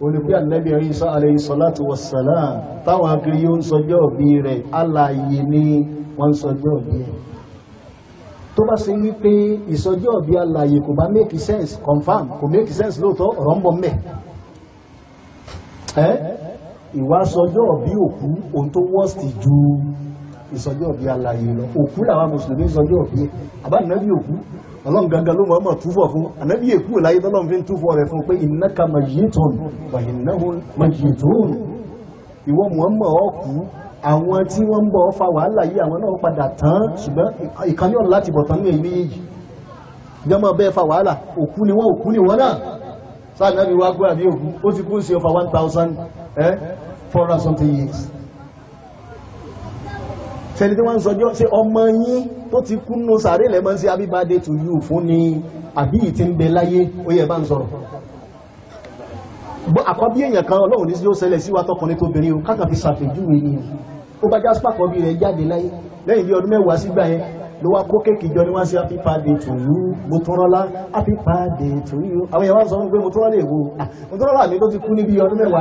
olùgbé ànábì Ìsá alayhi salatu wassalam táwọn akiri yóò ń sọjọ́ òbí rẹ̀ alààyè ni wọ́n ń sọjọ́ òbí ẹ̀ tó bá ṣe wípé ìsọjọ́ òbí alààyè kò bá make sense confam kò make sense lóòótọ́ ọ̀rọ̀ ń bọ̀ mẹ́ ẹ́ ìwà sọjọ́ òbí òkú ohun tó worst ju ìsọjọ́ òbí alààyè lọ òkú làwọn mùsùlùmí sọjọ́ òbí àbá ìnáwó òkú ọlọ́run gangan ló mọ̀ọ́mọ̀ túfọ̀ fún ànábì èkú láyé tọ́lọ́run fi ń túfọ̀ rẹ̀ fún pé ìnáka mayitun wàhínáwó mayitun ìwọ mọ̀ọ́mọ̀ ọkù àwọn tí wọ́n ń bọ̀ fa wàhálà yìí àwọn náà padà tán ṣùgbọ́n ìkànnì ọ̀la ti bọ̀ tán ní èyí yìí jọmọ bẹ́ẹ̀ fa wàhálà òkú ni wọ́n òkú ni wọ́n náà sáà náà ni wá gbọ́ àbí òkú ó ti kú sí ọfà 1000 eh 400 something years tẹ́lẹ̀ tí wọ́n ń sọjọ́ sí ọmọ yín tó ti kú nù sàárè lẹ́mọ́ sí happy birthday to you fún ni àbí yìí ti ń bẹ láyé ó yẹ bá ń sọ̀rọ̀ àkọ́bí èèyàn kan ọlọ́run ní sí ó sẹlẹ̀ síwá tọkùnrin tó bìnrin kákan fi ṣàpèjúwe ni ó bá jáspa kọ́bí rẹ̀ jáde láyé lẹ́yìn bí ọdún mẹ́wàá sígbà yẹn ló wá kó jọ ní sí to you Motorola happy birthday àwọn èèyàn wá sọ pé èwo ah, mi tó ọdún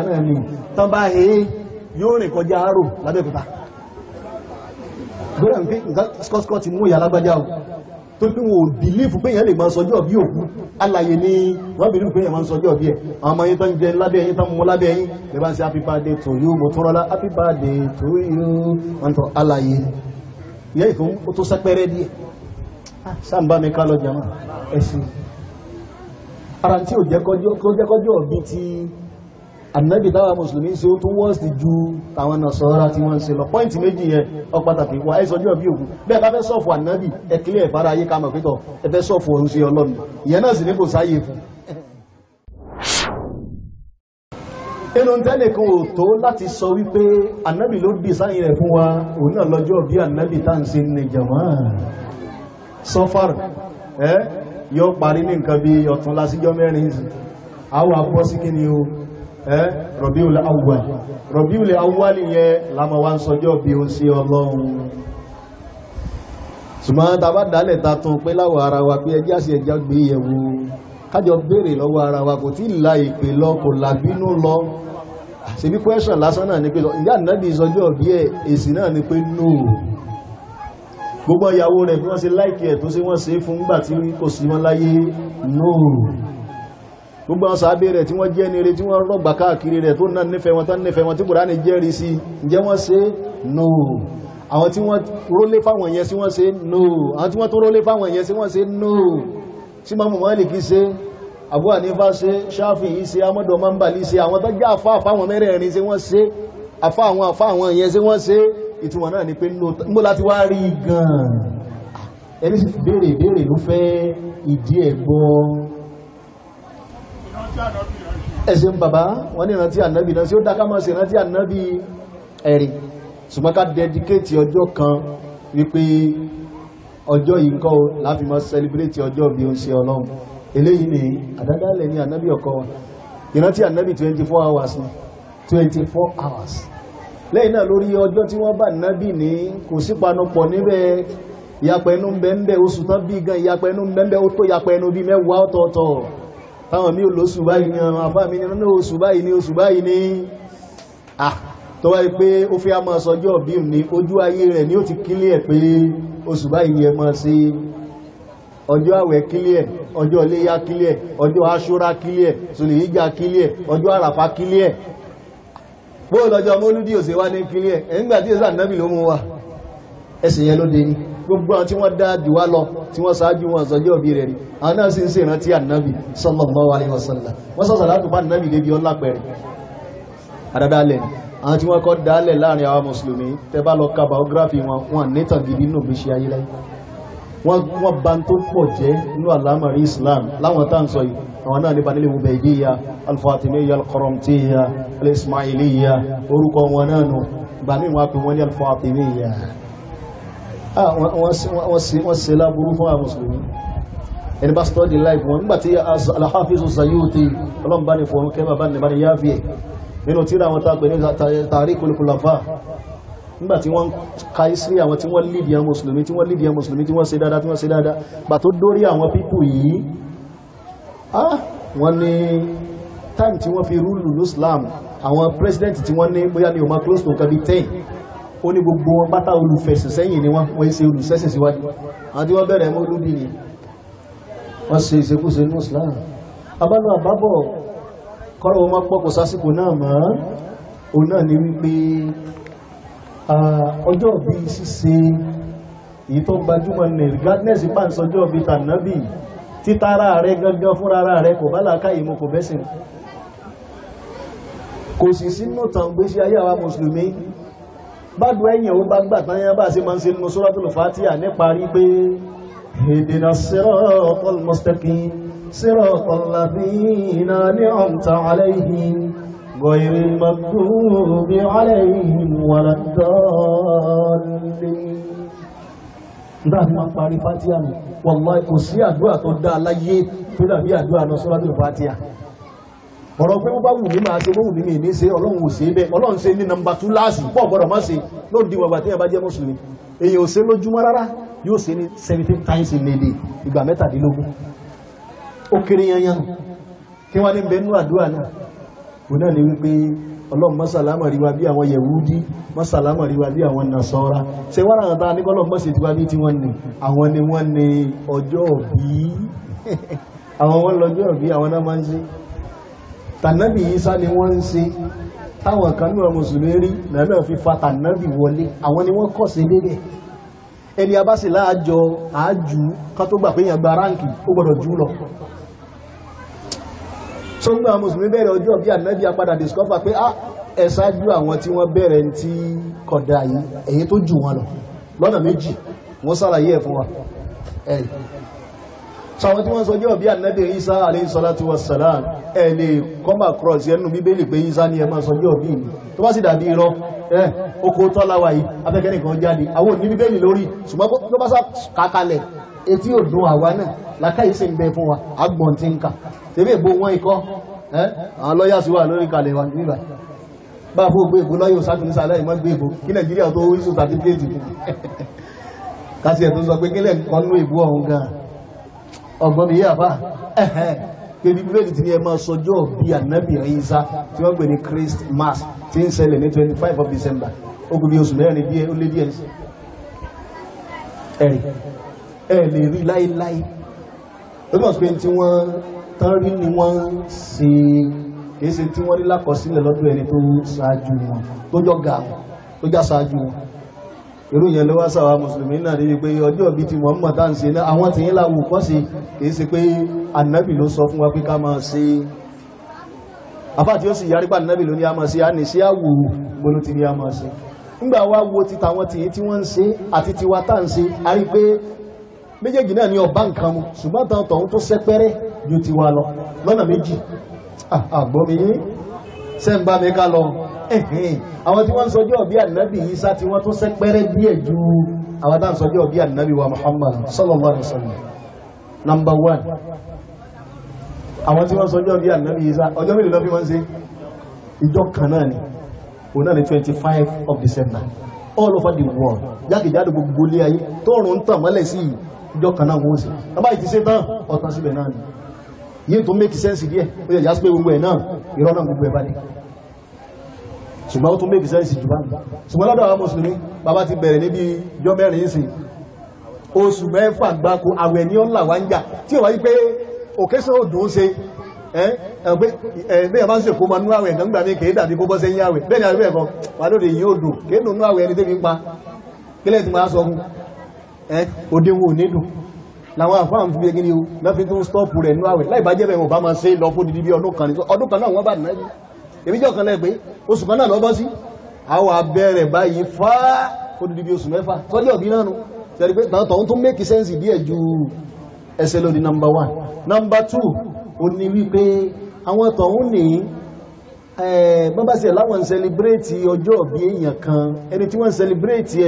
mẹ́wàá gbọ́dọ̀ wípé nǹkan ti mú ìyá o tó fi wò bìlífù pé èèyàn lè máa sọjọ́ bí òkú alàyè ni wọ́n bìlífù pé èèyàn sọjọ́ bí ẹ̀ àwọn ọmọ yín tó jẹ lábẹ́ ẹ̀yìn tó ń lábẹ́ ẹ̀yìn lè bá ń ṣe happy birthday to you mo tọrọ to you tó sẹ́pẹ́rẹ́ díẹ̀ sáàmbá ah, ànábì táwa mùsùlùmí ṣe ó tún wọ́ọ̀sì ju tàwọn nàṣọ́ra tí wọ́n ń ṣe lọ pọ́ìntì méjì yẹn ọpàtàkì wà ẹ́sọ́jú ọ̀bí ògùn bẹ́ẹ̀ bá fẹ́ sọ́ọ̀fù ànábì ẹ̀kílẹ̀ ẹ̀fára ayé ká mọ̀ pẹ́tọ̀ ẹfẹ́ sọ́ọ̀fù ọ̀run sí ọlọ́run ìyẹn náà sì ní kò sáyé fún inú tẹ́lẹ̀ kan ò tó láti sọ wípé ànábì ló dì sáyìn rẹ̀ fún wa òun náà lọ́jọ́ bí ànábì tá ń ṣe ní jàmá sọ́fàr ẹ́ yóò parí ní nǹkan bí ọ̀tún lásíjọ́ mẹ́rin àwọn àpọ́ sí kí ni o Rabiul Awwal Rabiul Awwal yẹn lámọ̀ wá ń sọjọ́ bí ó sí ọlọ́run ṣùgbọ́n tàbá dálẹ̀ ta tún pé láwọ̀ ara wa pé ẹjá sí ẹjá gbé yẹ̀wò kájọ béèrè lọ́wọ́ ara wa kò tí la ìpè lọ kò làbínú lọ ṣe bí kwẹ́ṣọ̀n lásán náà ni pé ìyá nàbí ìsọjọ́ bí ẹ̀ èsì náà ni pé no gbogbo ìyàwó rẹ̀ bí wọ́n ṣe láìkì tó ṣe wọ́n ṣe fún gbà tí kò sí wọn láyé no gbogbo àwọn sàábé rẹ̀ tí wọ́n jẹ́ ní eré tí wọ́n rọ̀gbà káàkiri rẹ̀ tó náà nífẹ̀ẹ́ wọn tán nífẹ̀ẹ́ wọn tí Kùránì jẹ́rìí sí ǹjẹ́ wọ́n ṣe no àwọn tí wọ́n rólé fáwọn yẹn sí wọ́n ṣe no àwọn tí wọ́n tó rólé fáwọn yẹn sí wọ́n ṣe no tí Imam Málíkì ṣe Abu Hanifa ṣe Ṣáfi'í ṣe amọ́dọ̀ mambali ṣe àwọn tó jẹ́ àfá àfáwọn mẹ́rẹ̀ẹ̀rin ṣe wọ́n ṣe àfá àwọn àfá àwọn yẹn ṣe wọ́n ṣe ìtumọ̀ náà ni pé mo láti wá rí gan ẹni sì béèrè ìbéèrè ló fẹ́ ìdí ẹ̀gbọ́n ẹ̀ṣẹ̀ ń bàbá wọ́n ní ìrántí ànábì náà sí ó dáká máa ṣe ìrántí ànábì ẹ̀rì ṣùgbọ́n ká dẹ́díkéètì ọjọ́ kan wípé ọjọ́ yìí kọ́ láti máa sẹlẹ̀bírẹ́tì ọjọ́ bí ó ń ṣe ọlọ́run eléyìí ni àdádálẹ̀ ní ànábì ọkọ̀ wa ìrántí ànábì 24 hours 24 hours lẹ́yìn náà lórí ọjọ́ tí wọ́n bá nábì ní kò sí panupọ̀ níbẹ̀ ìyapẹ̀ẹ́nú bẹ́ẹ̀ oṣù tán bí gan ìyapẹ̀ẹ́nú bẹ́ẹ̀ ó tó ìyapẹ̀ẹ́nú bí mẹ́wàá ọ̀tọ̀ọ̀tọ̀ táwọn mí ò lóṣù báyìí ní àwọn afá mi nínú oṣù báyìí ní oṣù báyìí ní à tó wáyé pé ó fi àmọ́ sọjọ́ bí ní ojú ayé rẹ̀ ní ó ti kílẹ̀ pé oṣù báyìí ni ẹ mọ́ sí ọjọ́ àwẹ̀ kílẹ̀ ọjọ́ iléyá kílẹ̀ ọjọ́ aṣúra kílẹ̀ sùlìyíjà kílẹ̀ ọjọ́ gbogbo àwọn tí wọ́n dá jù wá lọ tí wọ́n sáájú wọn sọjọ́ bí rẹ̀ rí àwọn náà sì ń ṣèrántí ànábì sallallahu alaihi wasallam wọ́n sọ̀sọ̀ láti bá ànábì débi ọlá pẹ̀rẹ̀ àdádálẹ̀ àwọn tí wọ́n kọ́ dálẹ̀ láàrin àwọn mùsùlùmí tẹ́ bá lọ ka biography wọn wọn nítàn gidi nù bí islam láwọn tá ń sọ yìí àwọn náà nípa nílé wùbẹ̀gíyà alfatimiyya alqaramtiyya alismailiyya orúkọ wọn náà nù gbàmí wọn pè wọn ní alfatimiyya Ah, wọ́n ṣe láburú fún àwọn mùsùlùmí ẹni bá study life wọn nígbàtí alhafizu sayuti ọlọ́mbá ní fọ́rún kẹ́mà bá nìbá ní yáàfi ẹ̀ nínú tíra wọn tàbí ní tàrí kòlùkùlàfà nígbàtí wọ́n ka isri àwọn tí wọ́n lìdí àwọn mùsùlùmí tí wọ́n lìdí àwọn mùsùlùmí tí wọ́n ṣe dáadáa tí wọ́n ṣe dáadáa bà tó dórí àwọn pípù yìí ah, wọ́n ní time tí wọ́n fi rúlù lóṣìlám àwọn president tí wọ́n ní bóyá ní o máa close to nǹkan bí 10 ó ní gbogbo wọn pátá olùfẹ̀sìn sẹ́yìn ni wọ́n wọ́n ṣe olùsẹ́sìn síwájú àwọn tí wọ́n bẹ̀rẹ̀ mọ́ olúbi ni wọ́n ṣe ìṣekúṣe ní Islam abálù àbábọ̀ kọ́rọ̀ wọn máa pọ̀pọ̀ sásìkò náà mọ́ òun náà ni wípé ọjọ́ bí ṣíṣe èyí tó gbajúmọ̀ ní gladness pàǹsọjọ́ bí tànábì títara rẹ̀ gangan fúnra rẹ̀ kò bá làákàyè mu kò bẹ́sìn kò sì sínú tàǹgbésí ayé àwa mùsùlùmí bádùn ẹ̀yìn ó bá gbà táyán bá ṣe máa ń ṣe nínú Suratul Fatiha níparí pé ìdènà siratal mustaqim siratal ladhina an'amta alayhim ghayril maghdubi alayhim waladdallin dáàbí máa parí Fatiha nù wàlláhì kò sí àdúrà tó dá aláyé Fatiha ọ̀rọ̀ pé wọ́n bá wù mí máa ṣe wọ́n wù mí mi ní ṣe ọlọ́run ò ṣe bẹ́ẹ̀ ọlọ́run ṣe ní nọmba tú láàsì pọ̀ gbọ́dọ̀ má ṣe ló di wàgbà tí yàbá jẹ́ mùsùlùmí èyí ò ṣe lójúmọ́ rárá yóò ṣe ní seventeen times in a day ìgbà mẹ́tàdínlógún ó kéré yanyan kí wọ́n ní bẹ́ẹ̀ nú àdúrà náà òun náà ni wípé ọlọ́run mọ́sàlámà rí wa bí àwọn yẹ̀wúdí mọ́sàlámà rí wa bí àwọn nàṣọ́ra ṣe wọ́n ràn ta nígbọ́lọ́ mọ́sì tí wá bí tí wọ́n ní àwọn ni wọ́n ní ọjọ́ òbí àwọn wọn lọ́jọ́ òbí àwọn náà máa ń ṣe tànàbì Ìsá ni wọ́n ń ṣe táwọn kan ní ọmọ mùsùlùmí rí lẹ́nà fi fa tànàbì wọlé àwọn ni wọ́n kọ̀ sí lérí ẹ̀ ẹni abáṣe láàjọ àájú ká tó gbà pé èèyàn gba ráǹkì ó gbọ́dọ̀ jù lọ tó gbà àwọn mùsùlùmí bẹ̀rẹ̀ ọjọ́ bí ànábì apadà discover pé á ah, ẹ ṣáájú àwọn tí wọ́n bẹ̀rẹ̀ tí kódà yìí èyí tó jù wọn lọ lọ́nà méjì wọ́n ṣàlàyé ẹ̀ fún wa ẹ̀rì so àwọn tí wọ́n sọ jẹ́ òbí ànábì Isa alayhi salatu wassalam ẹ lè come across ẹnu bíbélì pé Isa ni ẹ máa sọ jẹ́ òbí mi tó bá sì dàbí irọ́ ẹ oko tọ́láwà yìí abẹ́kẹ́ni kan jáde àwọn òní bíbélì lórí ṣùgbọ́n tó bá wa agbọ̀n ti ń kà tèmi èbó wọn ikọ́ àwọn lọ́yà sí wà lórí kalẹ̀ wa nígbà bá fún gbé ìbò lọ́yọ̀ sáfìnísà sọ pé kílẹ̀ kan nú ìbò ọ̀hún gan-an ọgbọ́n mi yé àfá ẹ̀hẹ́ kébí bíbélì ti ní ẹ máa sọjọ́ bí ànábì Ìsá tí wọ́n pè ní Christmas tí ń ṣẹlẹ̀ ní 25 of December ogun bí oṣù mẹ́rin bí ó lé díẹ̀ ẹ̀rì ẹ̀ lè rí láíláí ó bọ̀ pé tí wọ́n tán rí ni wọ́n ṣe kìí ṣe tí wọ́n rí lákọsílẹ̀ lọ́dún ẹni tó ṣáájú wọn tó jọ gà tó já ṣáájú wọn irú yẹn ló wá sáwà mùsùlùmí náà rí pé ọjọ́ bí ti Muhammad tá ń ṣe náà àwọn tí yín láwù kọ́ sí kìí ṣe pé ànábì ló sọ fún wa pé ká máa ṣe afá tí ó sì yarí pa ànábì ló ní a máa ṣe a ní sí àwù gbolo ti ní a máa ṣe nígbà wá wo ti tàwọn tìyín tí wọ́n ń ṣe àti tiwa tá ń ṣe a rí pé méjèèjì náà ní ọba nǹkan mu ṣùgbọ́n tàwọn tọ̀hún tó sẹ́pẹ́rẹ́ ju tiwa lọ lọ́nà méjì ah, àgbọ̀mí sẹ́ǹbà mi ká lọ àwọn tí wọ́n ń sọjọ́ bí ànábì Ìsá tí wọ́n tún sẹ́pẹ́rẹ́ díẹ̀ ju àwọn tá ń sọjọ́ bí ànábì wa Muhammad sallallahu alaihi wasallam number one àwọn tí wọ́n sọjọ́ bí ànábì Ìsá ọjọ́ mélòó lọ́bí wọ́n ṣe ìjọ kan náà ni òun náà ni 25 of December all over the world jákèjádò gbogbo ilé ayé tó rùn ń tàn mọ́lẹ̀ sí ìjọ kan náà wọ́n ṣe tọ́bá ìtí ṣe tán ọ̀tán síbẹ̀ náà ni yìí tó make sense díẹ̀ ó yẹ jásí pé gbogbo ẹ̀ náà ìrọ́ gbogbo ẹ̀ bá dé ṣùgbọ́n ó tún make sense jù bá ṣùgbọ́n lọ́dọ̀ àwọn mùsùlùmí bàbá ti bẹ̀rẹ̀ níbi jọ mẹ́rin sí oṣù mẹ́fà gbáko àwẹ̀ ní ọ́nlà wá ń jà tí ó wáyé pé òkèṣẹ́ òdò ń ṣe ẹ̀ẹ́dẹ́yà bá ń ṣe kó ma ni àwẹ̀ ẹ̀kọ́ wà lóde yìí ó dùn kèé nù àwẹ̀ ẹni tẹ́mi pa kílẹ̀ tí máa sọ fún ẹ́ òdinwó nídùn làwọn ń fi ni ó lọ́fi tún stọ́ọ̀pù rẹ̀ nú àwẹ̀ láìbájẹ́ bẹ̀rẹ̀ wọn bá máa ṣe lọ fún dídí ọdún kan náà wọ́n bá nìyẹn èmíjọ́ kan lẹ́gbẹ́ oṣù kan náà lọ́bọ́ sí àwọn abẹ́rẹ̀ báyìí fá odidi oṣù mẹ́fà tọ́jọ́ bí náà nù tẹ́rí pé tàwọn tó mẹ́kì sẹ́ǹsì díẹ̀ ju ẹsẹ̀ lórí number one number two ó ní wípé àwọn tọ̀hún ní bọ́bá sí ẹ̀láwọn ń sẹlẹ̀bírẹ́tì ọjọ́ bí èèyàn kan ẹni tí wọ́n ń sẹlẹ̀bírẹ́tì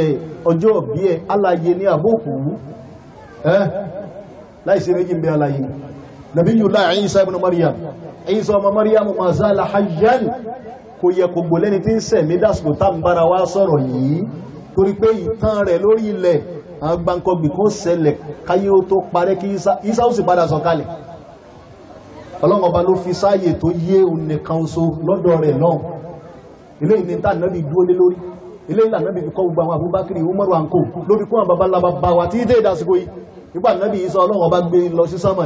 ọjọ́ bí ẹ̀ aláyé ní àbókù Nabiyullah Isa ibn Maryam Isa ọmọ Maryam ma zala hayyan kò yẹ kò gbò lẹ́ni tí ń sẹ̀ mí dásìkò tábára wá sọ̀rọ̀ yìí torí pé ìtàn rẹ̀ lórí ilẹ̀ agbankọgbì kó ṣẹlẹ̀ káyé ó tó parẹ́ kí Isa ó sì padà sọ̀kalẹ̀ ọlọ́run ọba ló fi sáàyè tó yé onìkan oṣo lọ́dọ̀ rẹ̀ náà ilé ìnìta náàbì dúó lé lórí ilé ìlà náàbì kọ́ gbogbo àwọn Abubakar Umaru àǹkò lórí kún àwọn babaláwa bá tí dé ìdásíkò yìí nígbà náàbì Isa ọlọ́run ọba gbé lọ sí sámà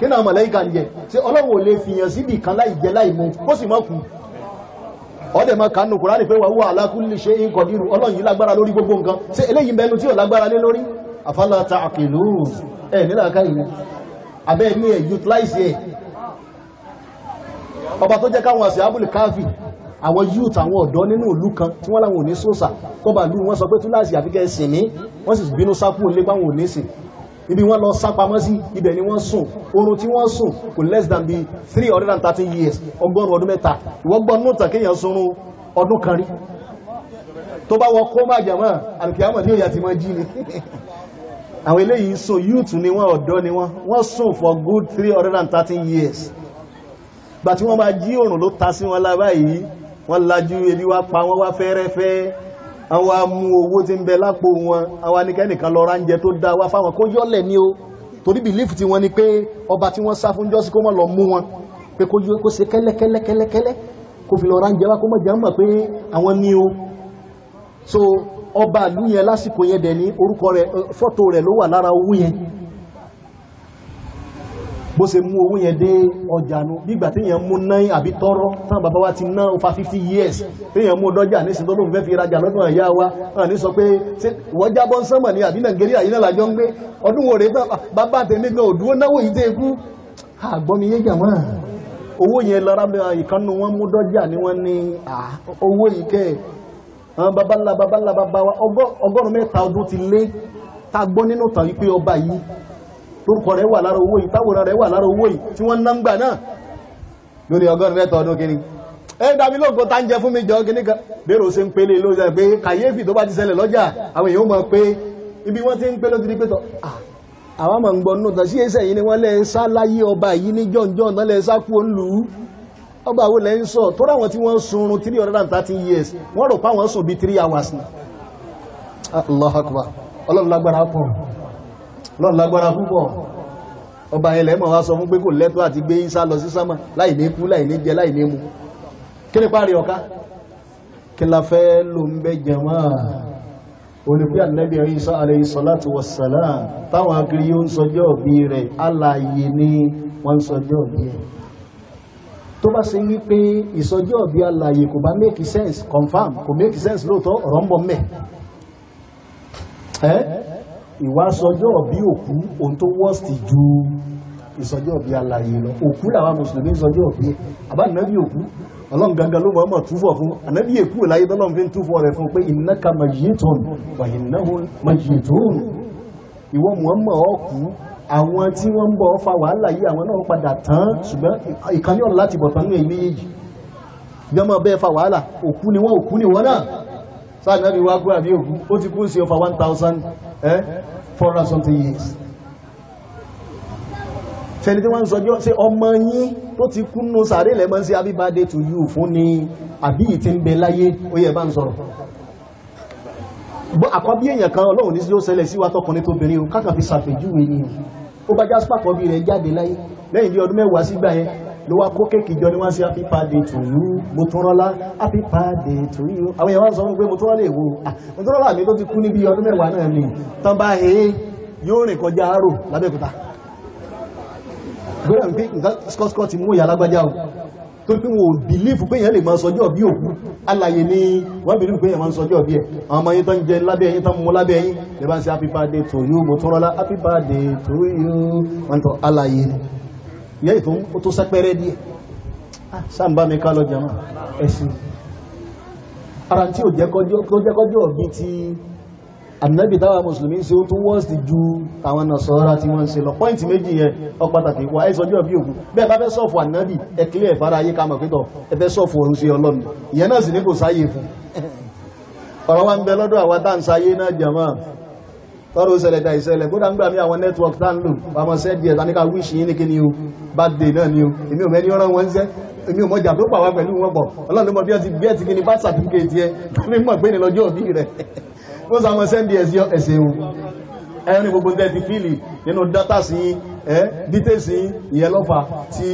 kí náà màláíkà ń jẹ tí ọlọ́wọ̀ lè fìyàn síbì kan láì jẹ láì mú ó sì mọ́kù ọdẹ ma kánú kùránì pé wàwọ́ alákúnlé ṣe ń kọ̀ nínú ọlọ́run yìí lágbára lórí gbogbo nǹkan sí eléyìí mẹ́nu tí ò lágbára lé lórí àfálàta àkìlú utilize ẹ̀ ọba tó jẹ́ káwọn àṣẹ abúlé káàfì àwọn youth àwọn ọ̀dọ́ nínú ìlú kan tí wọ́n láwọn ò ní sóòsà kọba lú wọn sọ pé ibi wọ́n lọ sápamọ́ sí ibẹ̀ ni wọ́n sùn oorun tí wọ́n sùn kò less than three bí 313 years ọgọ́rùn ọdún mẹ́ta ìwọ́gbọ́n nóòtà kéèyàn sọrun ọdún kan rí tó bá wọ kó máa jàmọ́ alùkìyàmọ̀ ní òyà ti mọ́ jí ni àwọn eléyìí so youth ni wọ́n ọ̀dọ́ ni wọ́n wọ́n sùn for good 313 years gbà tí wọ́n bá jí oòrùn ló ta sí wọn lábáyìí wọ́n lajú ebi wá pa wọ́n wá fẹ́rẹ́fẹ́ àwọn amú owó tí ń bẹ lápò wọn àwọn anìkẹ́nìkan lọ ránjẹ tó dá wá fáwọn kó yọ́lẹ̀ ní o torí bìlífù tí wọ́n ní pé ọba tí wọ́n sá fún jọ́sí kó mọ́ lọ mú wọn pé kó yọ́ kó ṣe kẹ́lẹ́kẹ́lẹ́kẹ́lẹ́ kó fi lọ ránjẹ wá kó mọ́ jẹ́ mọ̀ pé àwọn ní o so ọba ìlú yẹn lásìkò yẹn dẹ̀ ní orúkọ rẹ̀ fọ́tò rẹ̀ ló wà lára owó yẹn bó ṣe mú owó yẹn dé ọjà nú nígbà tí yẹn mú náà àbí tọ́rọ tán bàbá wa ti ná over 50 years tí yẹn mú ọdọ́jà ní ṣètò lóun fẹ́ fi rajà lọ́dún àyá wa hàn ní sọ pé wọ́n jábọ́ sánmà ní àbí nàìjíríà yìí náà lájọ́ ń gbé ọdún wo rèé bàbá tèmi gan òdúró náwó yìí tẹ́ kú àgbọ́mi yé jàmọ́ ni wọ́n ní owó ìkẹ́ àwọn babalá babalá babalá ọgọ́rùn-ún mẹ́ta ọdún ti lé tá a gbọ́ nínú tàbí pé ọba orúkọ rẹ̀ wà lára owó yìí táwòrán rẹ̀ wà lára owó ì tí wọ́n ná ń gbà náà lórí ọgọ́rùn mẹ́ta ọdún kìíní ẹ dábí lóògbò tá ń jẹ fún mi jọ kìíní kan bẹ́rẹ̀ ó ṣe ń pélé ló pé kàyéfì tó bá ti ṣẹlẹ̀ lọ́jà àwọn èèyàn mọ̀ pé ibi wọ́n ti ń pé ti di pétọ́ àwọn mọ̀ ń gbọ́ nù lọ́n lágbára púpọ̀ ọba ilẹ̀ mọ̀ wá sọ fún pé kò lẹ́tọ́ àti gbé Ìsá lọ sí sánmà láì ní kú láì ní jẹ láì ní mu kí ni parí ọ̀ká kí la fẹ́ ló ń bẹ jẹmọ́ olùgbé ànẹ́bí Ìsá alayhi salatu wassalam táwọn akiri yóò ń sọjọ́ òbí rẹ̀ alààyè ni wọ́n ń sọjọ́ òbí rẹ̀ tó bá ṣe yí pé ìsọjọ́ òbí alààyè kò bá make sense confirm kò make sense lóòótọ́ ọ̀rọ̀ ń bọ̀ mẹ́ ẹ́ ìwáṣọjọ́ ọ̀bí òkú ohun tó wọ́stì ju ìsọjọ́ ọ̀bí alààyè lọ òkú làwọn mùsùlùmí ìsọjọ́ ọ̀bí àbánábí òkú ọlọ́run gangan ló mọ̀ọ́mọ̀ túfọ̀ fún ànábí èkú láyé tọ́lọ́run fi ń túfọ̀ rẹ̀ fún pé innaka mayyitun wa innahum mayyitun ìwọ fa wàhálà yìí àwọn náà padà tán ṣùgbọ́n ti bọ̀ tán ní èyí méjèèjì fa wàhálà òkú ni wọ́n òkú sáàdínábí wá kúrò àbí ògún ó ti kú sí ọfà eh, 1,400 years tẹni tí wọ́n ń sọjọ́ sí ọmọ yín tó ti kú nù sàárè lẹ́mọ́ sí happy to you fún ni àbí ìtí ń bẹ láyé ó yẹ bá ń sọ̀rọ̀ àkọ́bí èèyàn kan ọlọ́run ní sí ó ṣẹlẹ̀ síwá tọkùnrin tó bẹ̀rẹ̀ o kákan fi ni ó bá jáspà kọ́bí rẹ̀ jáde láyé lẹ́yìn bí ọdún mẹ́wàá sígbà yẹn ló wá kó kéèkì jọ ní wá sí happy birthday to you Motorola happy birthday to you àwọn èèyàn wá sọ pé Motorola èwo ah, Motorola mi tó ti kú ní bí ọdún mẹ́wàá náà ni tán bá he yóò rìn kọjá àárò lábẹ́kúta gbọ́dọ̀ ní pé skọ́skọ́ ti mú ìyá lágbájá o tó pín wọn ò bìlífù pé èèyàn lè máa sọjọ́ bí òkú alàyè ni wọ́n bìlífù pé èèyàn máa sọjọ́ bí ẹ̀ àwọn ọmọ yín tán jẹ lábẹ́ ẹ̀yìn tán mú lábẹ́ ẹ̀yìn lè bá ń ṣe happy birthday to you Motorola happy birthday to you wọ́n tọ́ alàyè ìyá ìtún ó tó sẹ́pẹ́rẹ́ díẹ̀ sáàmbá ah, mi ká lọ jẹun ẹ̀sìn ara tí ò jẹ́kọ́jọ́ bí ti ànábì táwa mùsùlùmí ṣe ó tún wọ́n sì ju àwọn nàṣọ́ra tí wọ́n ń ṣe lọ pọ́ìntì méjì yẹn ó pàtàkì wà ẹ́sọ́jọ́ bí òkú bẹ́ẹ̀ bá fẹ́ sọ́ọ̀fù ànábì ẹ̀kílẹ̀ ẹ̀fára ayé ká mọ̀ pẹ́tọ̀ ẹfẹ́ sọ́ọ̀fù ọ̀run sí ọlọ́run ìyẹn náà sì ní kò sáyé fún ọ̀rọ̀ wa ń bẹ lọ́dọ̀ àwa tá ń sáyé náà tọ́rọ ìṣẹ̀lẹ̀ dá ìṣẹ̀lẹ̀ kódà ń gbà mí àwọn network tá ń lò pàmọ́ sẹ́ẹ̀dì ẹ̀ táníkà wíṣì yí ní kí ni o birthday náà ni o èmi ò mẹ́ni ọ̀rọ̀ wọn jẹ́ èmi ò mọ jà tó pàwà pẹ̀lú wọn pọ̀ ọlọ́run ló mọ bí ọ ti bí ẹ ti kí ni bá certificate ẹ mi mọ̀ pé ní lọ́jọ́ òbí rẹ̀ ó sọ àwọn sẹ́ẹ̀dì ẹ̀ sí ẹ̀sẹ̀ o ẹni gbogbo ti fíìlì nínú dátà sí ẹ́ dítẹ́ sí ìyẹn lọ́fà tí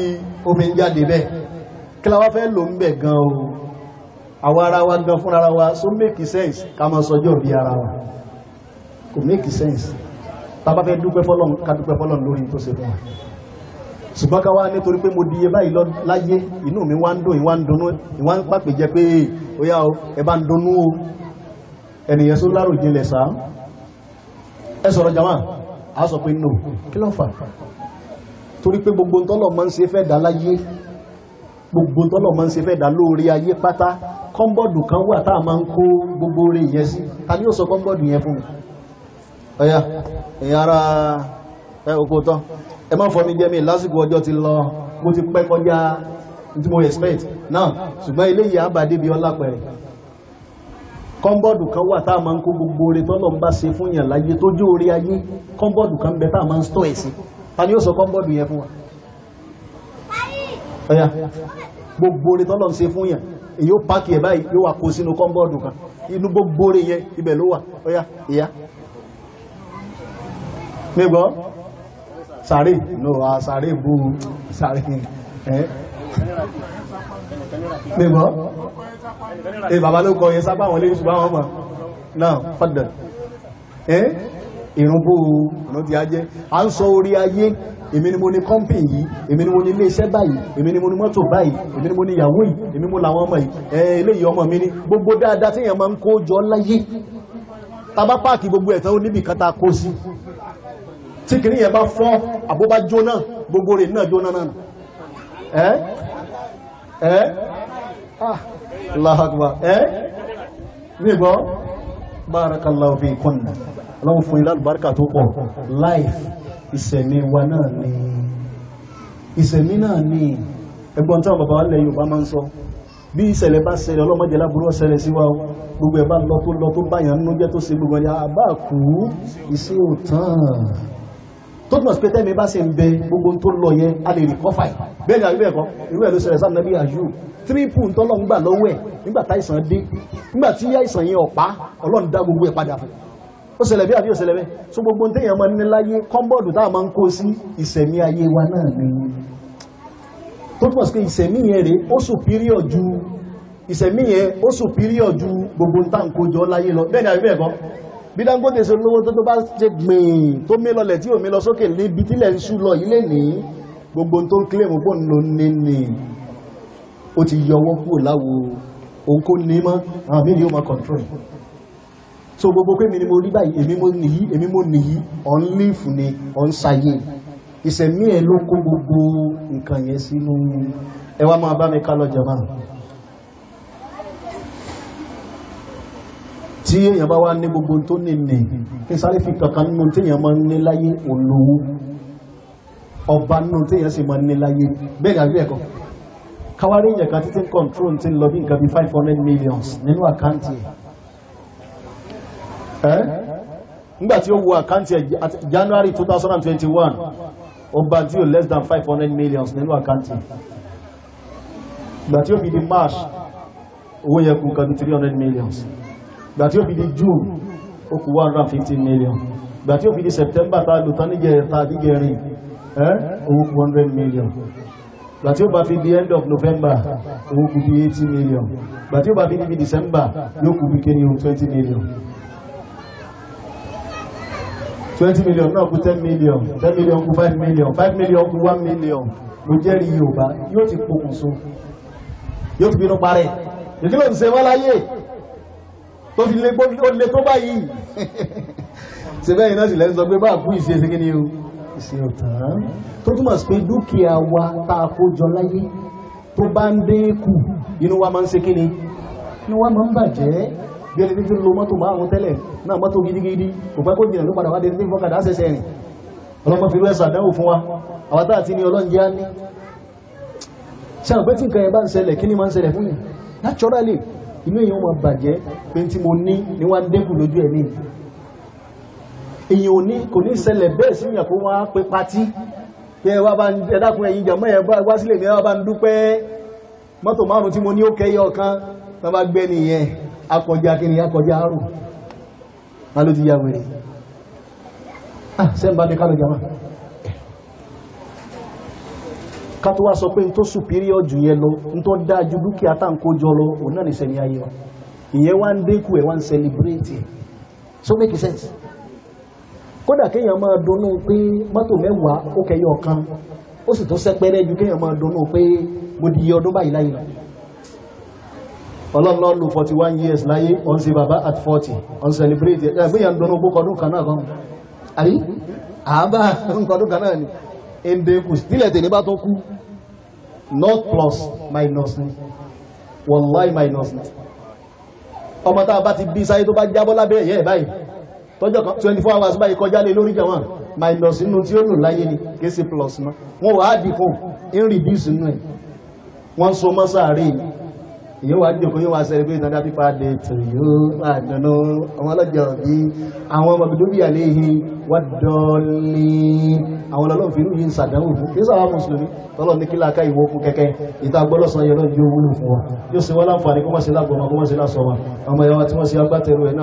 omi ń jáde bẹ́ẹ̀ kí la wá fẹ́ lò ń bẹ̀ gan o àwọn ara wa gan fúnra wa so make sense ká mọ sọjọ́ bí ara wa kò make sense tàbá fẹ́ dúpẹ́ fọ́lọ́n ká dúpẹ́ fọ́lọ́n lórí tó ṣe fún wa ṣùgbọ́n ká wá nítorí pé mo di iye báyìí láyé inú mi wá ń dùn ìwá ń dunnú ìwá ń pàpè jẹ pé ó yá o ẹ bá ń dunnú o ènìyàn tó lárò jinlẹ̀ sá ẹ sọ̀rọ̀ jama a sọ pé no kí ló fà torí pé gbogbo tọ́lọ̀ máa ń ṣe fẹ́ dá láyé gbogbo tọ́lọ̀ máa ń ṣe fẹ́ dá lórí ayé pátá kọ́ńbọ̀dù kan wà tá a máa ń kó gbogbo rẹ̀ yẹn sí ta ni ó sọ kọ́ńbọ̀dù yẹn fún mi ọ̀yá èyàn ara oko tán ẹ má fọ́ mi jẹ́ mi lásìkò ọjọ́ ti lọ mo ti pẹ́ kọjá tí mo respect náà ṣùgbọ́n ilé yìí àbàdé bí ọlá pẹ̀rẹ̀ kọ́mbọ́ọ̀dù kan wà táà máa ń kó gbogbo oore tọ́lọ̀ ń bá ṣe fún yàn láyé tó jó orí ayé kọ́mbọ́ọ̀dù kan bẹ táà máa ń stọ́ ẹ̀ sí ta ni ó sọ kọ́mbọ́ọ̀dù yẹn fún wa ọ̀yá gbogbo oore tọ́lọ̀ ń ṣe fún yàn èyí ó pàkì ẹ̀ báyìí yóò wà kó sínú kọ́mbọ́ọ̀dù kan inú gbogbo oore yẹn ibẹ̀ ló wà ọ̀yá ìyá nígbọ́ sàárè no a sàárè bú sàárè ẹ́ nígbọ́ ẹ bàbá ló kọ yẹ sápá àwọn olóyìn ṣùgbọ́n àwọn ọmọ náà fọ́dẹ̀ ẹ́ ìrúnbó ọ̀nà ti ajẹ́ a ń sọ orí ayé èmi ni mo ní kọ́mpì yìí èmi ni mo ní ilé iṣẹ́ báyìí èmi ni mo ní mọ́tò báyìí èmi ni mo ní ìyàwó yìí èmi mo làwọn ọmọ yìí ẹ eléyìí ọmọ mi ní gbogbo dáadáa tí èèyàn máa ń kó jọ láyé tá páàkì gbogbo ẹ̀tàn oníbìkan ta kó sí tí kìí yẹn bá fọ́ àbúbá jóná gbogbo rẹ̀ náà jóná náà ẹ́ ẹ́ ah ẹ́ nígbọ́ barakallahu fi kunna lọ́wọ́ fún ilá àlùbáríkà tó pọ̀ life ìsẹ̀mí wa ni ìsẹ̀mí ni ẹgbọ́n táwọn bàbá alẹ́ Yorùbá máa ń sọ bí ìṣẹ̀lẹ̀ bá ṣẹlẹ̀ ọlọ́mọdé láburú ṣẹlẹ̀ sí wa gbogbo ẹ̀bá lọ tó lọ tó báyàn nínú jẹ́ tó ṣe gbogbo ẹ̀yà àbá kú iṣẹ́ òtán tó túnmọ̀ sí pé tẹ́mi bá ṣe ń bẹ gbogbo tó lọ yẹn a lè rìn kọ́fà bẹ́ẹ̀ ni àríwẹ̀ kan irú ẹ̀ ló ṣẹlẹ̀ sáà nàbí àyù tírípù ń tọ́lọ́ ńgbà lọ́wọ́ ẹ̀ nígbà táìsàn dé nígbà tí àìsàn yẹn ọ̀pá ọlọ́run dá gbogbo ẹ̀ padà fún ó ṣẹlẹ̀ bí àbí ó ṣẹlẹ̀ bẹ́ẹ̀ so gbogbo ń téèyàn ju ìṣẹ̀mí yẹn ó superior ju gbogbo ń táǹkójọ láyé lọ bẹ́ẹ̀ ni bí Dangote ṣe lówó tó tó bá ṣe gbìn tó mé lọlẹ̀ tí ò mé lọ sókè níbi tílẹ̀ ń ṣú lọ ilé ní gbogbo tó ń kílèmù pọ̀ nínú níní ó ti yọwọ́ kúrò láwo òun kó ní mọ́ àwọn mí ni ó máa control so gbogbo pé mi ni mo rí báyìí èmi mo nìyí èmi mo nìyí ọ̀n lífù ni ọ̀n sayé ìṣẹ̀mí ẹ̀ ló kó gbogbo nǹkan yẹn sínú ẹ máa bá mi ká lọ jẹ máa tí èyàn bá wá ní gbogbo tó ní ní kí sáré fi kankan nínú tí èyàn máa ń ní láyé olówó ọba nínú tí èyàn sì máa ní láyé bẹ́ẹ̀ àbí ẹ̀kọ́ káwárí èyàn títí control tí ń lọ bí nǹkan bí 500 millions nínú àkáǹtì ẹ̀ nígbà tí ó wo àkáǹtì ẹ̀ January 2021 ọba tí ó less than 500 millions nínú àkáǹtì ìgbà tí ó fi di March owó yẹ kù kan 300 millions gbà tí ó fi di june ó kù 150 million gbà tí ó fi di september ta lò tán níjẹ ta dígẹrin owó 100 million gbà tí ó bá fi di end of november owó kù bí 80 million gbà tí ó bá fi di december yóò kù bí kéni 20 million 20 million náà kù 10 million 10 million kù 5 million 5 million kù 1 million ló jẹ́rìí yorùbá yóò ti pokùn so yóò ti bínú parẹ́ ìdílé òṣìṣẹ́ wọ́n láyé tó fi lé tó báyìí ṣe bẹ́ẹ̀ iná sì lẹ́sọ pé bá kú ìṣeṣe kí ni o ìṣe ọ̀tàn tó túmọ̀ sí pé dúkìá wa tá a kó jọ láyé tó bá ń dé kù inú wa máa ń ṣe kí ni inú wa máa ń bàjẹ́ bí ẹni tí ń lo mọ́tò márùn tẹ́lẹ̀ náà mọ́tò gidigidi kò pẹ́ kó jìnà ló padà wá dé tí ń fọ́kadà ṣẹ̀ṣẹ̀ rìn ọlọ́mọ fi rẹ́sà dánwò fún wa àwọn táà ti ní ọlọ́njẹ́ á ní ṣe àwọn nǹkan yẹn bá ń ṣẹlẹ̀ kí ni máa ń ṣẹlẹ̀ fún yẹn naturally inú èyàn mọ̀ bàjẹ́ pé tí mo ní níwá dẹ́kù lójú ẹ̀mí èyàn ò ní kò ní ṣẹlẹ̀ bẹ́ẹ̀ sí ìyàn kó wọ́n á pé patí pé ẹwà bá ń ẹ̀dàkùn ẹ̀yìn jàmọ́ ẹ̀ wá sílẹ̀ mi ẹwà bá ń dúpẹ́ mọ́tò márùn tí mo ní ó kẹyọ ọ̀kan tó bá gbẹ́ nìyẹn akọjá kiri ah sẹ́ńbà ní kálọ̀ jàmọ́ ká tó wá sọ pé n tó superior jù yẹn lọ n tó dáa ju dúkìá tá n kó jọ lọ òun náà ní sẹ́ni ayé wa ìyẹn wá ń dínkù ẹ̀ wá ń celebrate ẹ̀ so make sense kódà kéèyàn máa dunnú pé mọ́tò mẹ́wàá ó kẹyọ kan ó sì tó sẹ́pẹ́rẹ́ ju kéèyàn máa dunnú pé mo di ọdún báyìí láyé lọ ọlọ́run forty-one years láyé on sí bàbá at forty, on celebrate ẹgbẹ́yàn dunnú pé kọdún kan náà kan àrí àbá kọdún kan náà ni ẹ̀ndẹ̀kù sílẹ̀ tẹ̀lé bá tó kú not plus minus ni wallahi minus ni ọmọ tàà bá ti bí sáyé tó bá jábọ́ lábẹ́ ẹ̀yẹ́ báyìí tọ́jọ́ 24 hours báyìí kọjá lé lórí jẹ̀wọ́n minus inú tí ó lò láyé ni kéèsì plus náà wọ́n wà á dìkùn in reduce inú ẹ̀ wọ́n so mọ́ sáàrí ni yóò wá jòkó yóò wá sẹ́rẹ̀ pé ìtàdá pípa dé tòrò máa dánú àwọn ọlọ́jọ́ bí àwọn ọmọ bìdóbì àléhì wà dọ́ọ̀lì àwọn ọlọ́run fi rúbi ń sàdánwò fún kí sáwà mùsùlùmí tọ́lọ̀ ní kí láàká ìwò okun kẹ́kẹ́ ìta gbọ́lọ́sàn yẹn lọ́n yóò wúlò fún wa yóò ṣe wọ́n láǹfààní kó mọ́ sí lágbọ́n kó mọ́ sí lásọ wa ọmọ ẹ̀yà tí wọ́n ṣe agbátẹrù ẹ̀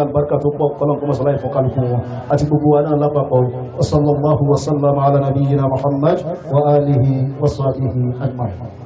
náà barka tó